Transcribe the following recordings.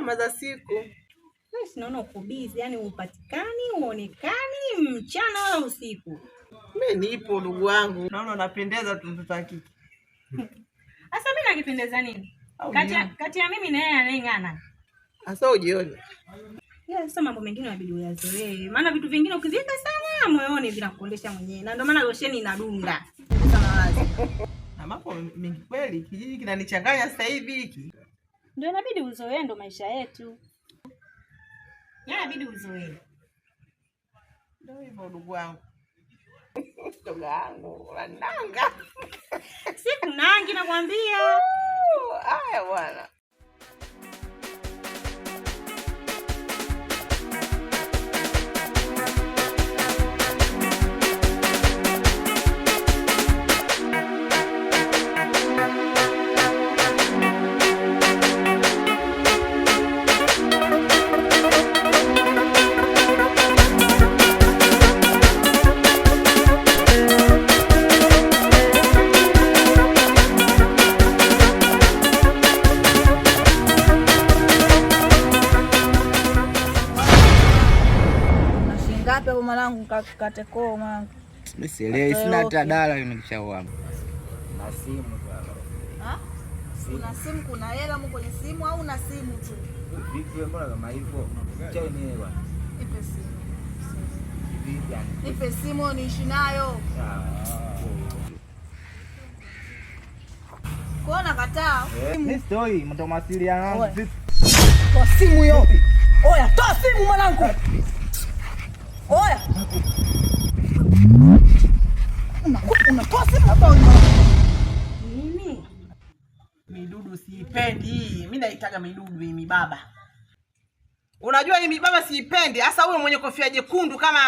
njema za siku. Wewe sinaona uko busy, yani upatikani, uonekani mchana wala usiku. Mimi nipo ndugu wangu. Naona unapendeza tu mtoto wa kike. Sasa mimi nakipendeza nini? Kati ya, kati ya mimi na yeye anayeng'ana. Sasa ujione. Yeah, sasa mambo mengine inabidi uyazoee. Maana vitu vingine ukiviweka sana moyoni vinakuondesha mwenyewe. Na ndio maana losheni inadunda. Sana wazi. Na mambo mengi kweli, kijiji kinanichanganya sasa hivi hiki ndio inabidi uzoee, ndo maisha yetu yaani inabidi uzoee. Ndio hivyo ndugu wangu, wananga siku nangi nakwambia haya bwana. mkakate koma. Sielewi, sina hata dala nikishauama na simu. Ha? Una simu, kuna hela mu kwenye simu au una simu tu? Vipi mbona kama hivyo? Mm. ni Nipe simu simu niishi nayo. Ah. Kuona kataa. Eh, mimi sitoi mtu mawasiliano. Kwa simu hiyo. Oya, toa simu mwanangu. siipendi hii. Mimi naitaga midudu hii mibaba. Unajua hii mibaba siipendi. Hasa huyo mwenye kofia jekundu kama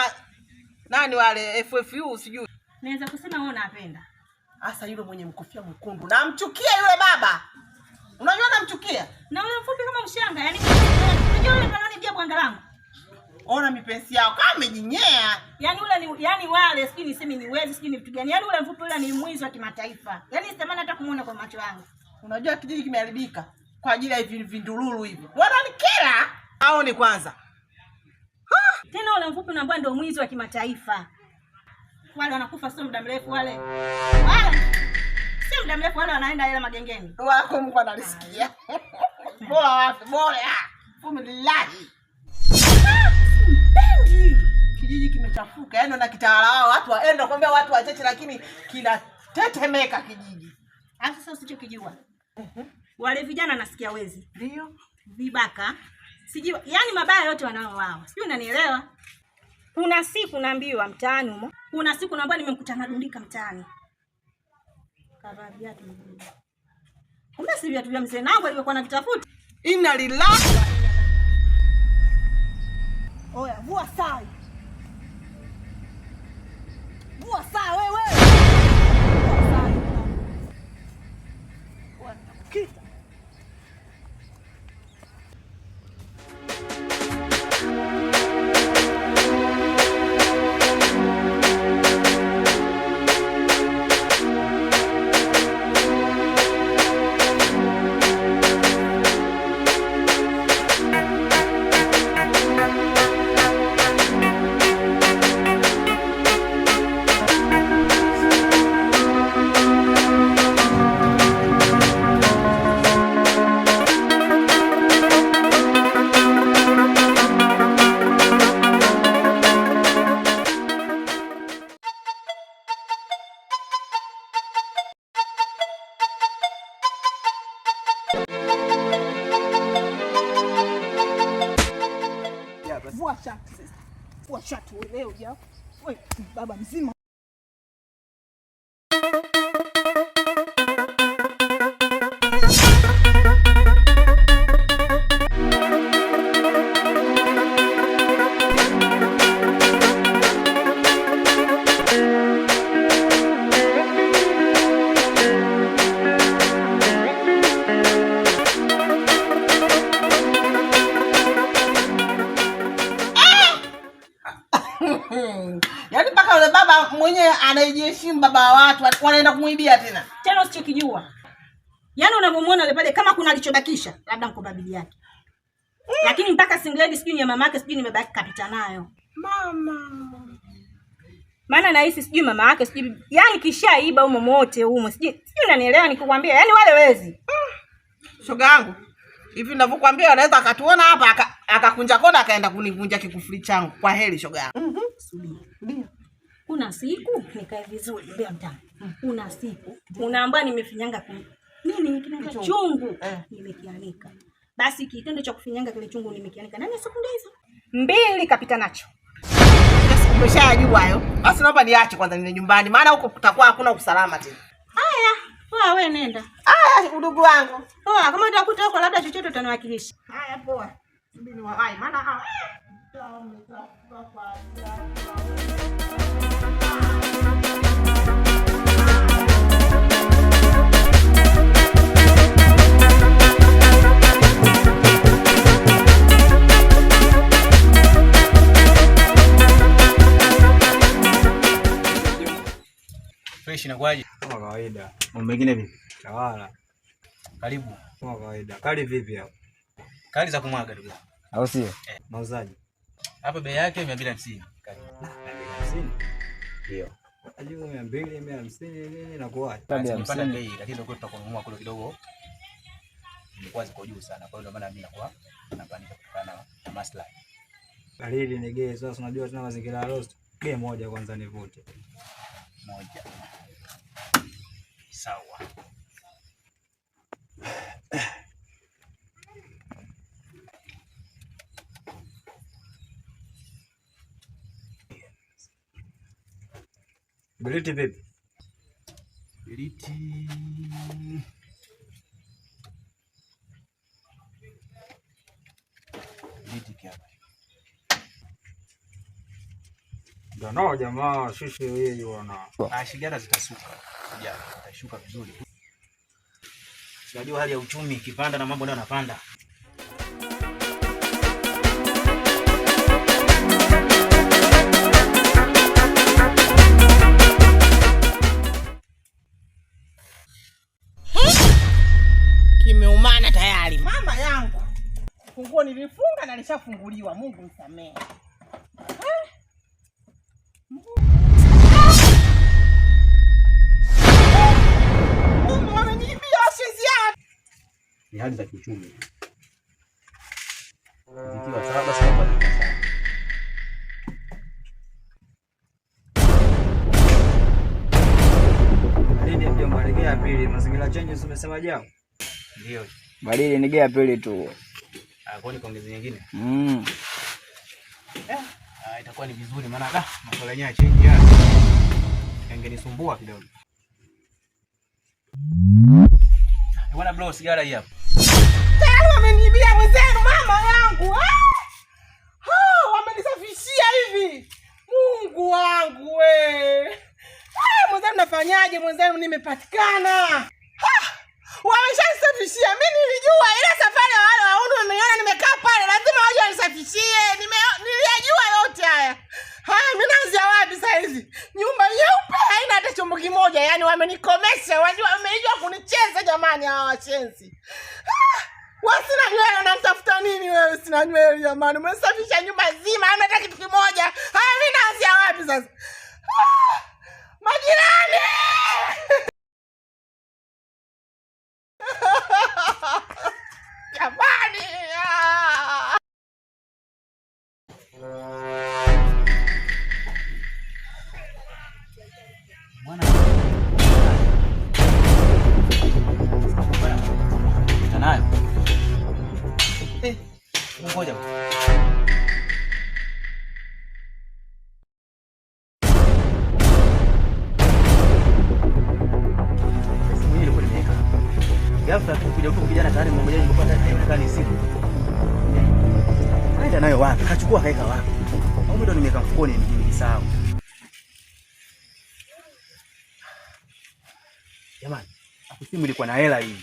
nani wale FFU sijui. Naweza kusema wewe unapenda. Hasa yule mwenye mkofia mwekundu. Namchukia yule baba. Unajua namchukia? Na yule mfupi kama mshanga, yani unajua yule kanoni pia bwanga langu. Ona mipenzi yao kama amejinyea. Yaani ule ni yani wale sijui niseme niwezi sijui ni vitu gani. Yaani ule mfupi ule ni mwizi wa kimataifa. Yaani sitamani hata kumuona kwa macho yangu. Unajua kijiji kimeharibika kwa ajili ya hivi vindululu hivi, wananikera au ni kwanza Tena wale mfupi unaambia ndio mwizi wa kimataifa wale, wanakufa sio muda mrefu wale, wale sio muda mrefu wale, wanaenda ile magengeni wako mko analisikia bora wapi bora fumilahi kijiji kimechafuka, yaani na kitawala wao, watu waenda kuambia watu wachache, lakini kinatetemeka kijiji. Sasa usichokijua -huh. Wale vijana nasikia wezi, ndio vibaka, sijui yani mabaya yote wanao wao, sijui unanielewa. Kuna siku naambiwa mtaani humo, kuna siku naambiwa nimemkuta nadundika mtaani, kavaa viatu, kumbe si viatu vya mzee nangu alivyokuwa nakitafuta. Ina lilaka oya, vua sai, vua sai wewe Good. Baba mzima kumuibia kumwibia tena. Tena usichokijua. Yaani unamwona yule pale kama kuna alichobakisha labda mko babili yake. Mm. Lakini mpaka singledi sijui ni ya mama yake sijui nimebaki kapita nayo. Mama. Maana nahisi sijui mama yake sijui yaani kishaiba humo mote humo sijui. Sijui unanielewa nikikwambia yaani wale wezi. Mm. Shoga yangu. Hivi ninavyokuambia anaweza akatuona hapa akakunja kona akaenda kunivunja kikufuri changu. Kwa heri shoga yangu. Mhm. Mm Ndio. Kuna siku nikae vizuri bila mtani. Mm. una siku unaambia nimefinyanga nini kinaita chungu eh. nimekianika. Basi kitendo cha kufinyanga kile chungu nimekianika nani sekunde hizo mbili kapita nacho Umeshajua hayo. Basi naomba niache kwanza nile nyumbani maana huko kutakuwa hakuna usalama tena. Haya, poa wewe nenda. Haya udugu wangu. Poa, kama utakuta huko labda chochote utaniwakilisha. Haya poa. Mimi ni wa hai maana hawa. Fresh inakuaje? Kama kawaida. Mambo mengine vipi? Tawala. Karibu. Kama kawaida. Kali vipi hapo? Kali za kumwaga ndugu. Au sio? Eh. Mauzaji. Hapa bei yake 250. Ah, Kali. 250. Ndio. Ajibu 200, 250 nini inakuaje? Tumepanda bei lakini ndio tutakununua kule kidogo. Kwa ziko juu sana kwa hiyo ndio maana mimi nakuwa napanika kutokana na maslahi. Dalili ni gei, sasa unajua tuna mazingira ya roast. Bei moja kwanza nivute moja. Sawa. Biliti vipi? Biliti biliti kiapa Ndio jamaa, sisi hii Na Shigara zitasuka, ja zitashuka vizuri. Unajua hali ya uchumi ikipanda na mambo ndio yanapanda. Kimeumana tayari, mama yangu, funguo nilifunga na lishafunguliwa. Mungu msamee Mungu ameniibia ashizi yake. Ni hali za kiuchumi zikiwa saba saba ya pili mazingira changes umesema jao? Ndio. Baridi ni gea pili tu. Ah, kwani kongezi nyingine? Mm. Eh uh, itakuwa ni vizuri, maana da masuala yenyewe ya change ya yangenisumbua kidogo eh, bwana. Bro, sigara hii hapa tayari wamenibia wenzenu, mama yangu ah! ah, wamenisafishia hivi. Mungu wangu we, ah, mwenzenu nafanyaje? Mwenzenu nimepatikana. Wameshasafishia. Mi nilijua ile safari ya wale wauni wameiona, nimekaa pale, lazima waje wanisafishie. Niliyajua yote haya. Haya, mi naanzia wapi saa Nyumba nyeupe haina hata chombo kimoja, yaani wamenikomesha, wameijua kunicheza. Jamani, hawa wachenzi ah, wasina nywele, unamtafuta nini wewe? Sina nywele jamani, umesafisha nyumba nzima, haina hata kitu kimoja. Haya, mi wapi sasa? Ah, majirani! Ngoja ghafla huko kijana tayari mmoja siku nayo wapi? Kachukua kaeka wapi? au ndo mfukoni Jamani, ilikuwa na hela hii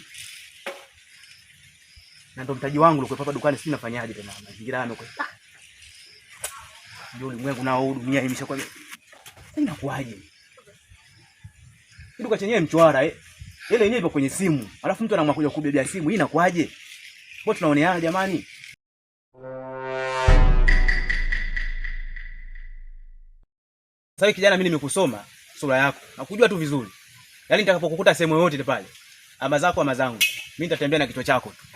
na ndo mtaji wangu ulikuwa hapa dukani, sisi nafanyaje tena, mazingira yangu kwa ah! ndio ulimwengu nao dunia himisha kwa sasa, inakuaje kiduka chenyewe mchwara eh, ile yenyewe ipo kwenye simu, alafu mtu anaamua kuja kubebea simu. Hii inakuaje? Mbona tunaoneana jamani? Sasa kijana, mimi nimekusoma sura yako na kujua tu vizuri, yaani nitakapokukuta sehemu yoyote pale, ama zako ama zangu, mimi nitatembea na kichwa chako tu.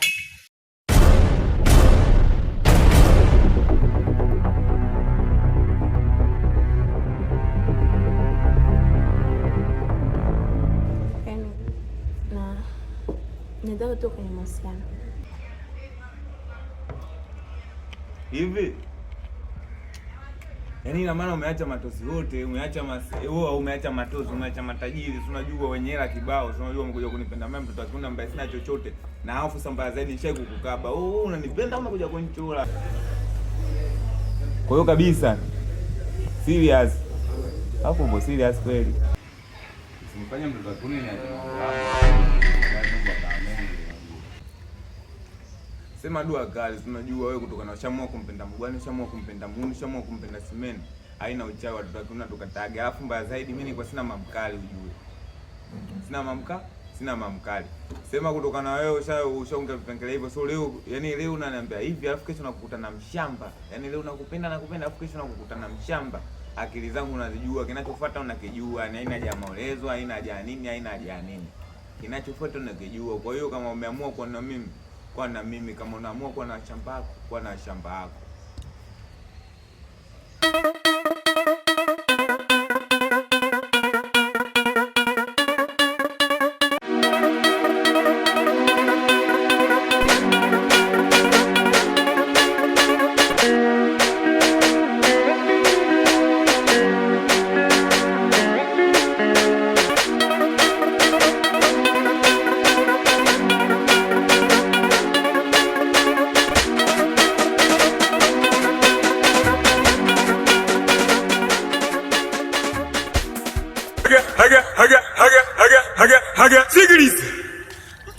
hivi yaani ina maana umeacha matosi wote, umeacha mas... Eh, umeacha matosi, umeacha matajiri, si unajua wenye hela kibao, si unajua umekuja kunipenda mimi, mtoto wa mbaya, sina chochote, na hofu sambaya zaidi nishai kukukaba wewe, oh, unanipenda ama kuja kunichora? Kwa hiyo kabisa serious, hapo mbo serious kweli, simfanya mtoto akuni ni sema dua kali, tunajua wewe kutoka na ushamua kumpenda mgwani, ushamua kumpenda mguni, ushamua kumpenda simeni, haina uchawi watu tukiona tukataga. Alafu mbaya zaidi mimi nilikuwa sina mamkali, ujue sina mamka, sina mamkali. Sema kutoka na wewe usha ushaunga vipengele hivyo, so leo yani leo unaniambia hivi, alafu kesho nakukuta na mshamba. Yani leo nakupenda na kupenda, alafu kesho nakukuta na mshamba. Akili zangu unazijua, kinachofuata unakijua, ni aina ya maelezo, aina ya nini, aina ya nini, kinachofuata unakijua. Kwa hiyo kama umeamua kuona mimi kuwa na mimi. Kama unaamua kuwa na shamba yako, kuwa na shamba yako.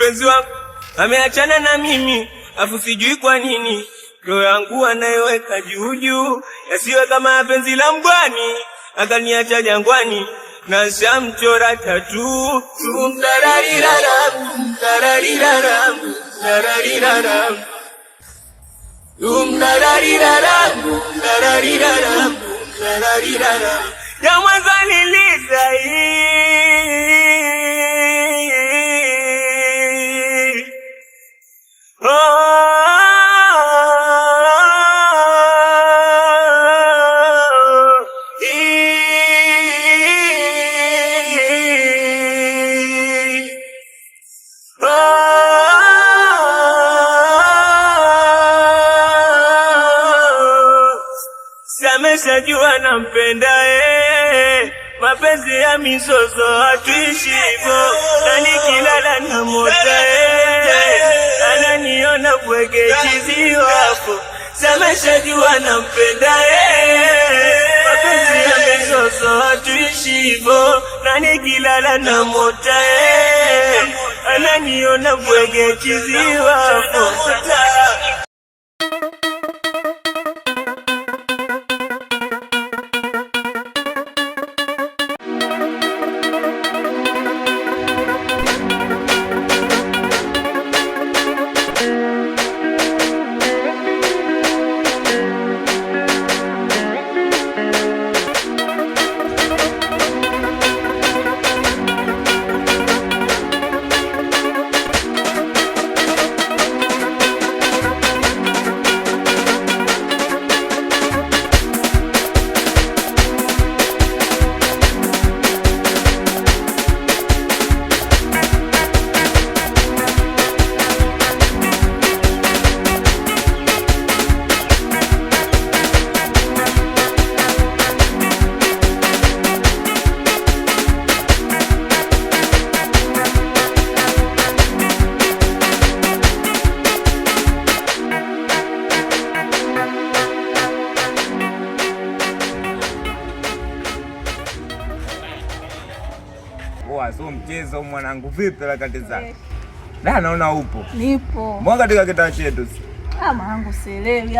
mpenzi wangu ameachana na mimi, afu sijui kwa nini roho yangu anayoweka juu juu, yasiwe kama penzi la mgwani, akaniacha jangwani na shamchora tatu ya mwanzo nilisahii nampenda ampendaye, mapenzi ya mizozo hatuishivo, nani kilala na motaye, ananiona bwegejizi wapo, sameshajua nampendaye, mapenzi ya mizozo hatuishivo, nani kilala na motaye, ananiona bwegejizi wapo sio mchezo mwanangu. Vipi harakati zako? Na naona upo. Nipo. Mbona katika kitaa chetu? Ah, mwanangu sielewi.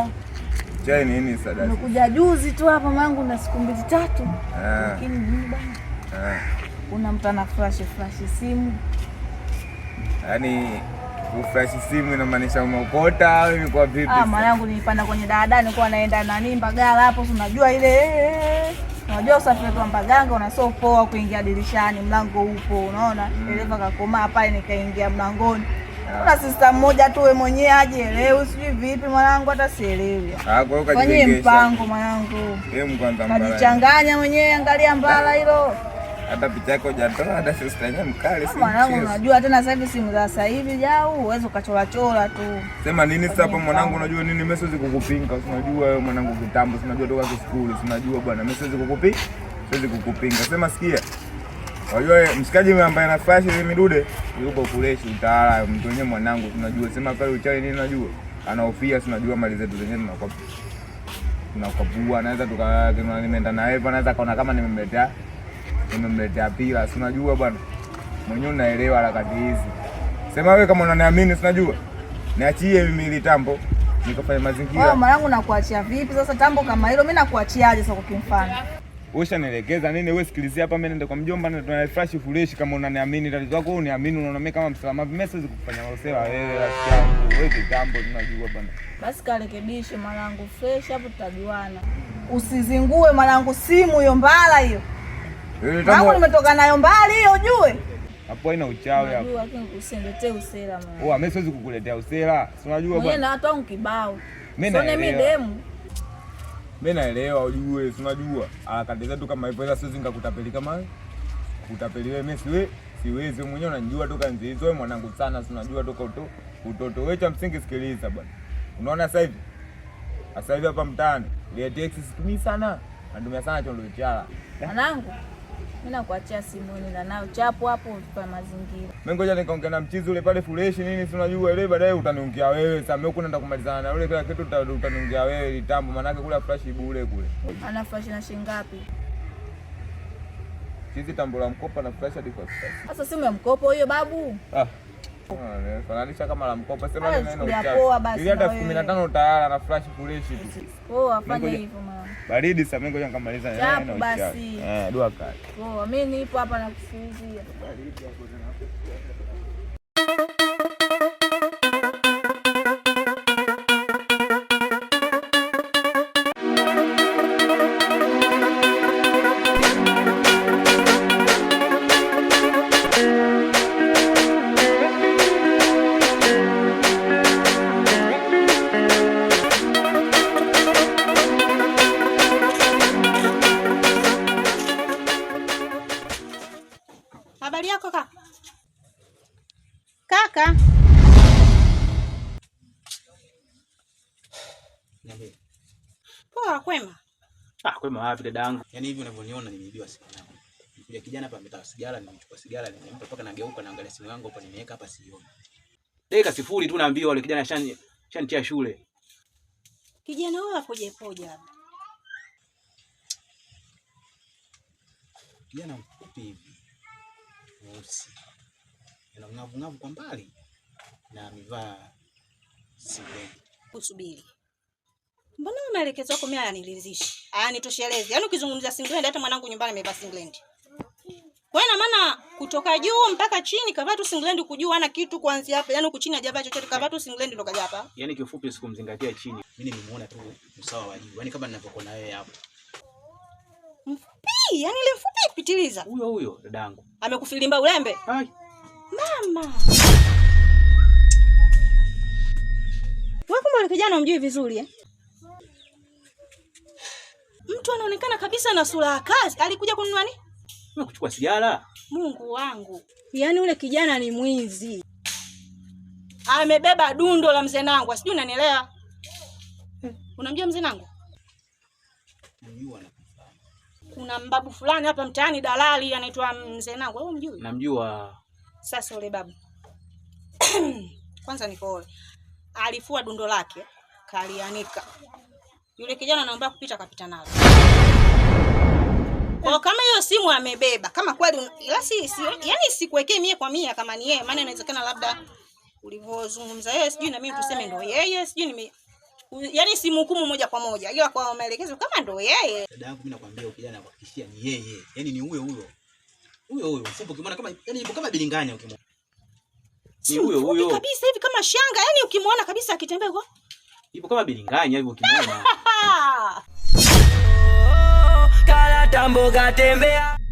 Chai nini sadaka? Nimekuja juzi tu hapa mwanangu na siku mbili tatu. Ah. Lakini mimi bana? Ah. Kuna mtu ana flash flash simu. Yaani uflash simu inamaanisha umeokota au ni kwa vipi? Ah, mwanangu nilipanda kwenye daladala nilikuwa naenda nimba gala hapo unajua ile eh, eh, Unajua usafiri wetu wa Mbaganga poa kuingia dirishani, mlango upo, unaona mm. dereva kakomaa pale, yaani nikaingia mlangoni kuna yeah. sista mmoja tu wewe mwenyewe leo, sijui vipi mwanangu, hata sielewi ah, kwenye mpango mwanangu, kajichanganya mwenyewe, angalia mbala hilo hata picha yako jatoa, hata sister yenyewe mkali. Mwanangu, unajua tena sasa hivi simu za sasa hivi jau, uweze ukachora chora tu. Sema nini sasa hapo mwanangu, unajua nini message kukupinga? Unajua wewe mwanangu kitambo, unajua toka shule, unajua bwana message kukupi, siwezi kukupinga. Sema sikia. Unajua mshikaji ambaye ana flash ile midude yupo kuleshi utawala mtu wenyewe mwanangu, unajua sema pale uchawi nini, unajua anahofia, unajua mali zetu zenyewe tunakuwa tunakabua, anaweza tuka nimeenda na yeye, anaweza kaona kama nimemletea nimemletea pila, sinajua bwana mwenyewe, unaelewa harakati hizi. Sema wewe kama unaniamini, sinajua niachie mimi ile tambo nikafanya mazingira. Oh, mwanangu nakuachia vipi sasa tambo kama hilo? Mimi nakuachiaje sasa? Kwa usha ushanielekeza nini? Wewe sikilizia hapa, mimi naenda kwa mjomba na tuna refresh fresh. Kama unaniamini tatizo lako, uniamini, unaona mimi kama msalama vipi? Message kukufanya makosa wewe, rafiki yangu wewe, kitambo tunajua bwana. Basi karekebishe mwanangu, fresh hapo tutajuana. Usizingue mwanangu, simu hiyo mbala hiyo Eh, Tangu nimetoka nayo mbali ujue. Hapo haina uchawi hapo. Usiniletee usela mimi. Oh, mimi siwezi kukuletea usela. Si unajua bwana. Mimi na watu wangu Mimi naelewa. Mimi demu. Mimi naelewa ujue, si unajua. Harakati ah, zetu kama hivyo ila siwezi nikakutapeli kama kutapeli wewe mimi siwe siwezi wewe mwenyewe unajua toka nzi hizo wewe mwanangu sana, si unajua toka uto, utoto wewe cha msingi. Sikiliza bwana. Unaona sasa hivi? Sasa hivi hapa mtaani, ile taxi situmii sana. Natumia sana chondo chala. Mwanangu. Mimi nakuachia simu na nao chapo hapo kwa mazingira. Mimi ngoja nikaongea na mchizi ule pale fresh nini si unajua ile baadaye utaniongea wewe. Sasa mimi huko naenda kumalizana na ule kila kitu utaniongea wewe litambo maana yake kule flash bure kule. Ana flash na shilingi ngapi? Chizi tambo la mkopo na flash hadi kwa sasa. Sasa simu ya mkopo hiyo babu. Ah. Fananisha ah, eh, kama la mkopo, sema neno uchafu. Ili hata 15 utayala na flash kuleshi tu. Poa, fanya hivyo mama. Baridi sasa mimi ngoja nikamaliza neno eh, uchafu. Basi. Eh, dua kali. Poa, mimi nipo hapa nakusingizia. Baridi hapo. wapi dada yangu. Yaani hivi unavyoniona nimeibiwa simu yangu. Nikuja kijana hapa ametaka sigara, nimechukua sigara, nimempa paka nageuka na angalia simu yangu hapa nimeweka hapa sioni. Dakika sifuri tu naambiwa yule kijana shani shani tia shule. Kijana huyo akoje poja hapa? Kijana mfupi hivi. Mweusi. Ana ng'avu ng'avu kwa mbali na amevaa sigara. Kusubiri. Mbona maelekezo yako mimi hayaniridhishi? Hayanitoshelezi. Yaani, yaani ukizungumzia singlendi hata mwanangu nyumbani amevaa singlendi. Kwa hiyo maana kutoka juu mpaka chini kavaa tu singlendi kujua ana kitu kuanzia hapa. Yaani huku chini hajavaa chochote kavaa tu singlendi ndo kaja hapa. Yaani kiufupi sikumzingatia chini. Mimi nimemuona tu usawa wa juu. Yaani kama ninavyokuona wewe hapo. Mfupi, yaani ile mfupi ipitiliza. Huyo huyo dadangu. Amekufilimba ulembe? Ai. Mama. Wewe kumbe kijana umjui vizuri eh? Mtu anaonekana kabisa na sura ya kazi. Alikuja kununua nini? Kuchukua sigara. Mungu wangu, yaani ule kijana ni mwizi, amebeba dundo la mzee Nangwa, sijui unanielewa? Unamjua mzee Nangwa? Kuna mbabu fulani hapa mtaani, dalali anaitwa mzee Nangwa. Wewe unamjua? Namjua. Sasa ule babu kwanza nikoole, alifua dundo lake kalianika yule kijana anaomba kupita kapita nazo. Kwa kama hiyo simu amebeba, kama kweli ila si, si yani sikuwekee mie kwa mia kama ni yeye, maana inawezekana labda ulivyozungumza yeye sijui na mimi tuseme ndio yeye, sijui ni yani simhukumu moja kwa moja. Ila kwa maelekezo kama ndio yeye. Dada yangu mimi nakwambia ukijana nakuhakikishia ni yeye. yani ni huyo huyo. Huyo huyo. Sipo kimwona kama yani ipo kama bilinganya ukimwona. Ni huyo huyo. Kabisa hivi kama shanga, yani ukimwona kabisa akitembea kwa Ipo kama bilinganya hivyo kimona. Kala tambo katembea